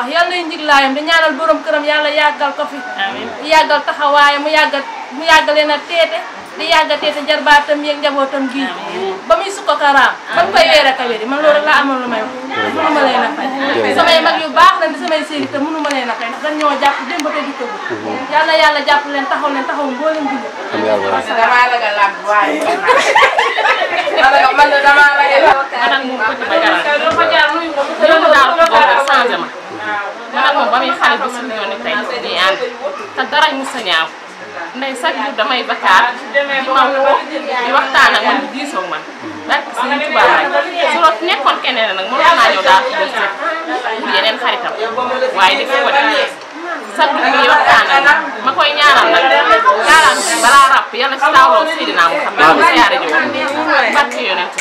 wax yal nay njiglaayam da ñaanal borom kërëm yalla yàggal ko fi amin yàggal taxawaayam mu yàggal mu yàggal leen a teete di yàgga teete jarbaatam yeeg njabootam gii ba muy sukka karaam ban koy weere ka wéri man loolu la laa lu may wax mënuma ma leena fay samay mag yu bax na di samay séegi te mënu ma leena fay ndax dañ ñoo jàpp démb ba tay di teggu mhm. yalla yalla japp leen taxaw leen taxaw mboolem bi damaa la ga laaj waaye man damaa la ga laaj ba muy xale ba suñu yoon tey ñuy ànd te dara mu sa ñaaw ndey chaque jour damay bakkaar di ma woo di waxtaan ak man di diisoo man barke suñu tubaab lañ su loolu nekkoon keneen nag mënoon naa ñëw ko wut waxtaan ak ma koy ñaanal nag kaaraan balaa ràpp yàlla si taawoo Seydina Muhammad xam naa mu siyaare ji woon barke yonent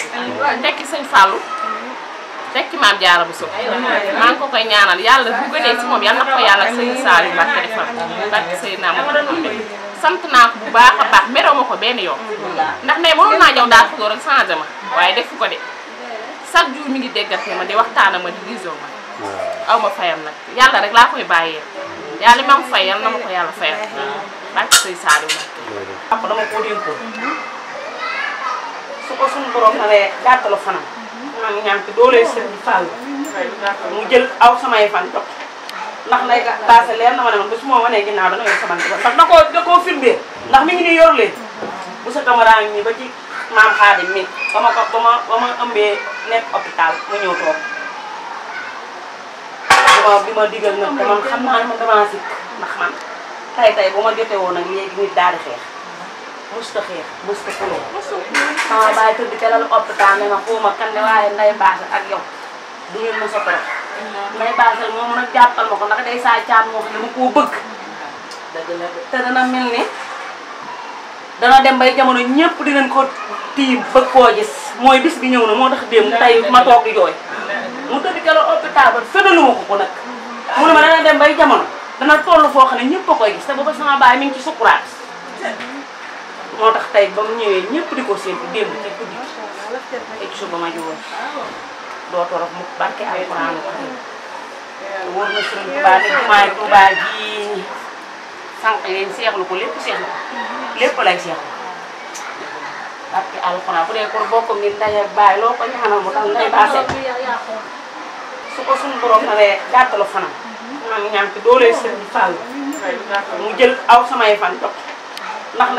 tekki sëñ Fallou teg ci maam Diarra Bousso maa ngi ko koy ñaanal yàlla bu gënee si moom yàlla na ko yàlla sëñ Saliou Mbacké defal barke Seydina Mouhamed sant naa ko bu baax a baax meroo ma ko benn yoon ndax ndey mënoon naa ñëw daal ko rek changé ma waaye defu ko de chaque jour mi ngi déggante ma di waxtaan ma di gisoo ma aw ma fayam nag yàlla rek laa koy bàyyee yàlla ma fay yàlla na ma ko yàlla fayal barke sëñ Saliou ko dénkoon su ko maa ngi ñaan ci dooleel Serigne Fall mu jël aw samay fan topp ndax lay taase leer na ma man ba su ma wane ginnaaw dana yor sama njaboot ndax da koo da koo firndee ndax ngi nii yor leen bu sa camarade mi ba ci maam Xaadim mi ba ma ko ba ma ba ma ëmbee nekk hôpital mu ñëw toog bi ma digal nag te man xam naa ne man damaa sikk ndax man tay tay bu ma jotee woon nag léegi nit daal di xeex musta xeex musta xuloo sama bàyyi tëdd ca lalu oppitaan ne ma xuuma kan de waaye nday baasa ak yow bu ngeen mos a torox nday baasal moom nag jàppal ma ko ndax saa caat moo xam ne koo bëgg dëgg ni dana dem bay jamono ñëpp dinañ ko tiim bëgg koo gis mooy bis bi ñëw na moo tax démb tey ma toog di jooy mu tëdd ca lalu oppitaan ba fëdaluma ko ko nag mu dana dem bay jamono dana toll foo xam ne ñëpp ko koy gis te booba sama baay mi ngi ci sukuraat moo tax tey ba mu ñëwee ñëpp di ko séntu démb ci guddi ci suba ma ji woon doo torof mu barke alxuraan wóor na suñu Tuubaa seexlu ko lépp seexlu lépp lay seexlu barke alxuraan bu dee kon bokk mi ndey ak baay loo ko ñaanal mu tax ndey baase su ko suñu borom naree gàttalu fanam maa ngi ñaan ci dooleel sëñ Fall mu jël aw samay fan topp ndax